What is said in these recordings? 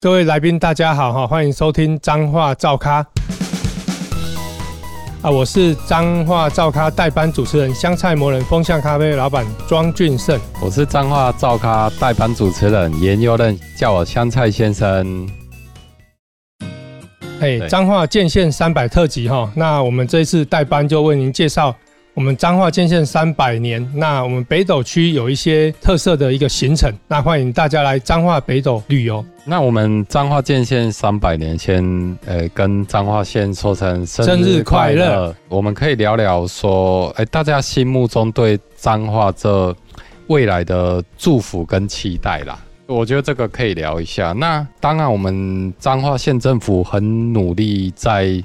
各位來賓，大家好哈，歡迎收聽《彰話噪咖》啊！我是《彰話噪咖》代班主持人香菜魔人，風向咖啡老板莊俊勝。我是《彰話噪咖》代班主持人顏祐任，叫我香菜先生。哎，《彰化建縣三百特輯》哈，那我們這一次代班就為您介紹。我們彰化建縣三百年，那我們北斗區有一些特色的一個行程，那歡迎大家來彰化北斗旅遊。那我們彰化建縣三百年先，先、欸、跟彰化縣說聲生日快樂。我們可以聊聊說、欸，大家心目中對彰化這未來的祝福跟期待啦。我覺得這個可以聊一下。那當然，我們彰化縣政府很努力在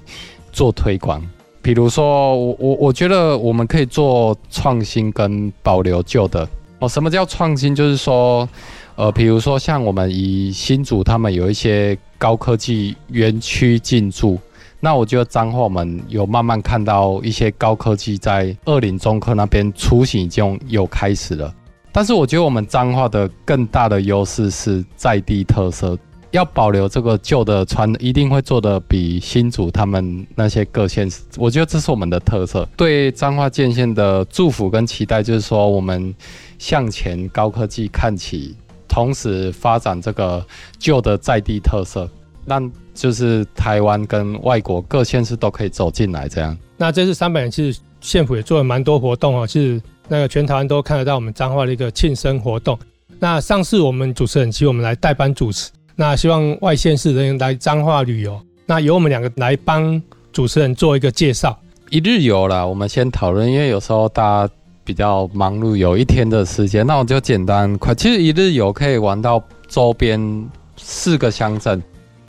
做推廣。比如說，我我我覺得我們可以做創新跟保留舊的哦。什麼叫創新？就是說，呃，比如說像我們以新竹他們有一些高科技園區進駐，那我覺得彰化我們有慢慢看到一些高科技在二林中科那邊雛形已經有開始了。但是我覺得我們彰化的更大的優勢是在地特色。要保留這個舊的船，一定會做得比新竹他們那些各縣市，我覺得這是我們的特色。對彰化建縣的祝福跟期待，就是說我們向前高科技看齊，同時發展這個舊的在地特色，讓就是台灣跟外國各縣市都可以走進來。這樣，那這次三百年其實縣府也做了蠻多活動啊、哦，是那個全台灣都看得到我們彰化的一個慶生活動。那上次我們主持人請我們來代班主持。那希望外縣市人來彰化旅遊，那由我們兩個來幫主持人做一個介紹。一日遊啦，我們先討論，因為有時候大家比較忙碌，有一天的時間，那我就簡單快。其實一日遊可以玩到周邊四個鄉鎮，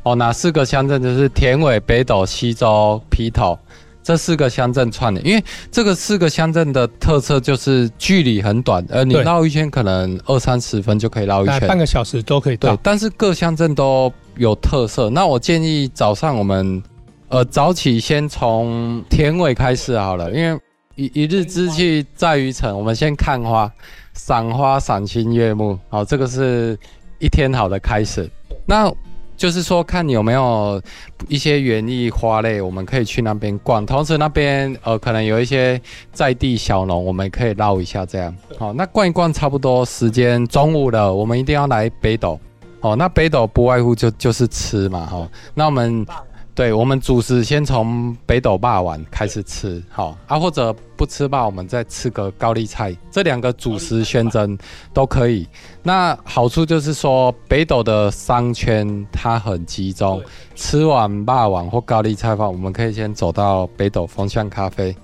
哦，哪四個鄉鎮就是田尾、北斗、溪州、埤頭。這四個鄉鎮串聯，因為這個四個鄉鎮的特色就是距離很短，而、呃、你繞一圈可能二三十分就可以繞一圈，半個小時都可以到。對，但是各鄉鎮都有特色。那我建議早上我們，呃，早起先從田尾開始好了，因為一一日之計在於晨，我們先看花，賞花賞心悅目，好，這個是一天好的開始。那就是說，看有沒有一些園藝花類，我們可以去那邊逛。同時，那邊呃，可能有一些在地小農，我們可以繞一下這樣。好，那逛一逛差不多時間，中午了，我們一定要來北斗。哦，那北斗不外乎就就是吃嘛，好。那我們。對，我們主食先從北斗肉圓開始吃，好、哦、啊，或者不吃肉圓，我們再吃個高麗菜，這兩個主食宣稱都可以。那好處就是說，北斗的商圈它很集中，吃完肉圓或高麗菜飯，我們可以先走到北斗風向咖啡，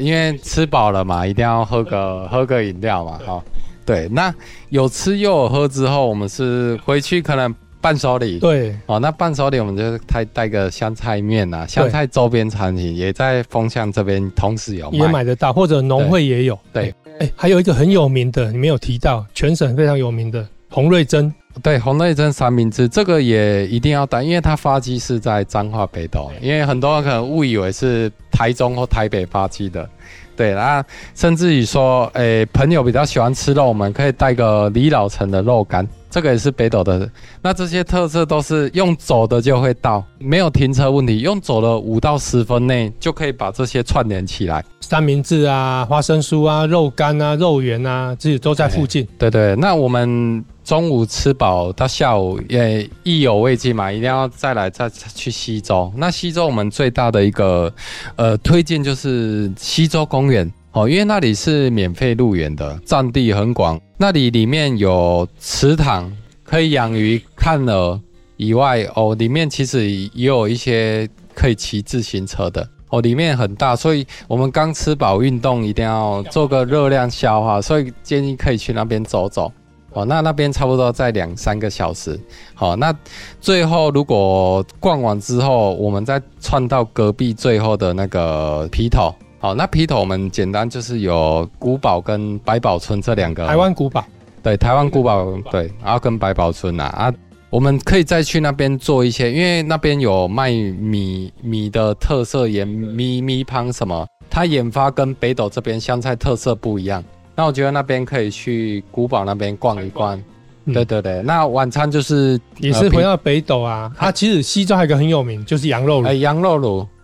因為吃飽了嘛，一定要喝個喝個飲料嘛，哈、哦，對，那有吃又有喝之後，我們是回去可能。伴手禮對哦，那伴手禮我們就是帶帶個香菜麵啊，香菜週邊產品也在風向這邊，同時有也買得到，或者農會也有。對，哎、欸欸，還有一個很有名的，你沒有提到，全省非常有名的洪瑞珍，對，洪瑞珍三明治這個也一定要帶，因為它發跡是在彰化北斗，因為很多人可能誤以為是台中或台北發跡的。對，然、啊、後甚至於說，哎、欸，朋友比較喜歡吃肉，我們可以帶個李老成的肉乾。這個也是北斗的，那這些特色都是用走的就會到，沒有停車問題。用走了五到十分鐘內就可以把這些串聯起來。三明治啊、花生酥啊、肉乾啊、肉圓啊，這些都在附近。對，對對，那我們中午吃飽到下午也意猶未盡嘛，一定要再來再去溪州。那溪州我們最大的一個呃推薦就是溪州公園。哦，因為那裡是免費入園的，占地很廣。那裡裡面有池塘，可以養魚、看鵝以外，哦，裡面其實也有一些可以騎自行車的。哦，裡面很大，所以我們剛吃飽，運動一定要做個熱量消化。所以建議可以去那邊走走。哦，那那邊差不多在兩三個小時。好、哦，那最後如果逛完之後，我們再串到隔壁最後的那個埤頭。好、哦，那埤頭我們簡單就是有古堡跟百寶村這兩個。台灣古堡，對，台灣古、古堡，對，然後跟百寶村呐、啊，啊，我們可以再去那邊做一些，因為那邊有賣米米的特色鹽咪咪湯什麼，它研發跟北斗這邊香菜特色不一樣。那我覺得那邊可以去古堡那邊逛一逛、逛。對對對，那晚餐就是、嗯呃、也是回到北斗啊，它其實西還有一個很有名就是羊肉爐、欸，羊肉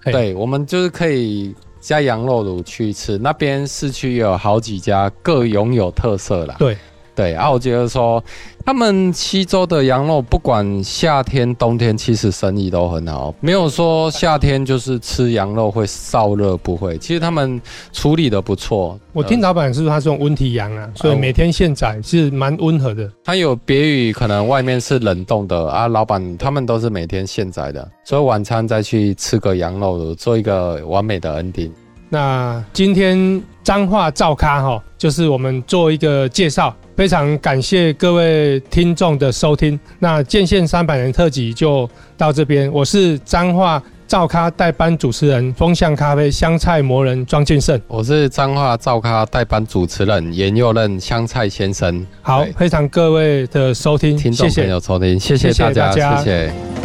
爐，對，我們就是可以。加羊肉爐去吃，那邊市區有好幾家，各擁有特色啦。對。對、啊，我覺得說，他們溪州的羊肉不管夏天冬天，其實生意都很好，沒有說夏天就是吃羊肉會燥熱，不會。其實他們處理得不錯，我聽老闆是說他是用溫體羊啊，啊，所以每天現宰是蠻溫和的。它、啊、有別於可能外面是冷凍的啊，老闆他們都是每天現宰的，所以晚餐再去吃個羊肉，做一個完美的 ending。那今天彰話噪咖吼，就是我們做一個介紹。非常感謝各位聽眾的收聽，那《建縣三百年》特輯就到這邊。我是彰話噪咖代班主持人，風向咖啡香菜魔人莊敬盛；我是彰話噪咖代班主持人，顏佑任香菜先生。好，非常各位的收聽，聽眾朋友收聽謝謝，謝謝大家，謝謝。